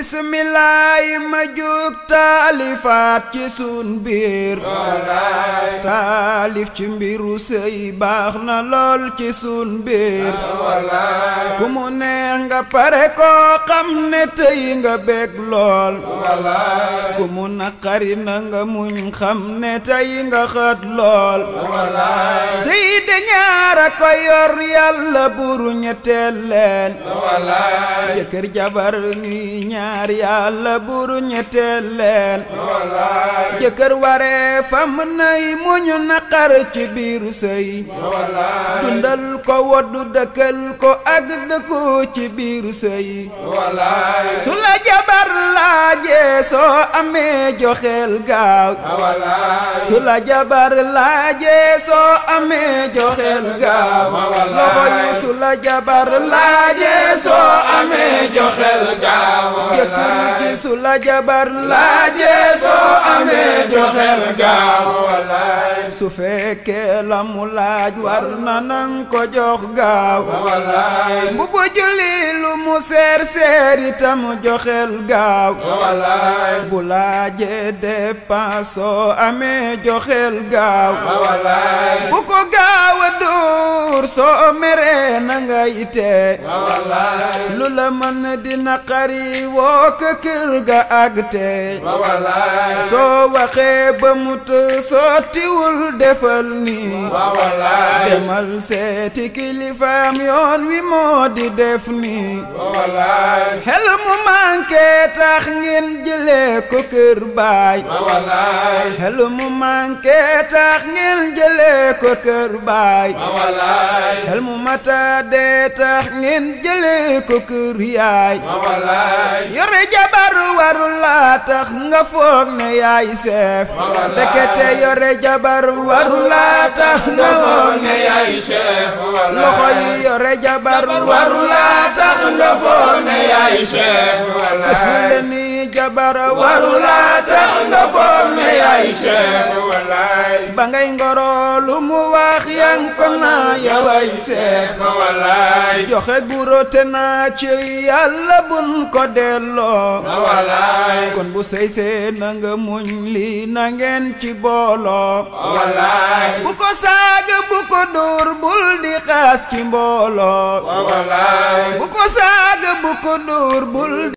bismillaahi ma jóg taalifaat ci sun biir taalif ci mbiru sëy baax na lool ci sun biir ku mu neex nga pare koo xam ne tey nga bég lool ku mu naqari na nga muñ xam ne tey nga xët lool sëy de ñaara ko yor yàlla buru ñetteel leen jëkkër jabar ñuy ñaar yàlla buru ñetteel leen jëkkër waree fam nay mu muñu naqar ci biiru sëy dundal ko woddu dëkkal ko ak dëkku ci biiru sëy su la jabar laaj soo su la jabar laajee soo amee joxel gaaw loxo su la jabar laajee soo amee joxel gaaw jëkkër ji su la jabar laajee soo amee joxel gaaw su fekkee la mu laaj war na nang ko jox gaaw bu bu mu seer seer itam joxel gaaw oh, walaay bu laajee dépense oh, soo amee a nga yitee oh, lu la mën di naqari woo kër ga àgg tee soo waxee ba mut soo tiwul defal nii demal seeti kilifaam yoon wi moo di manqué tax ngeen jëlee ko kër baay xelu mu manqué tax ngeen jëlee ko kër baay yore jabar waru laa tax nga foog ne yaay seef loxo yi yore jabar waru laa tax nga foog ne yaay seef wallaay ni jabar warula tax nga foog ne yaay seex ba ngay ngoro lu mu wax yan ko naa yaway seex joxe guro te naa ci yàlla bun ko delloo bu sëy see na nga muñ li na ngeen ci booloo bu ko saaga bu ko dóor bul di xaas ci mbooloo bu ko saaga bu ko dóor bul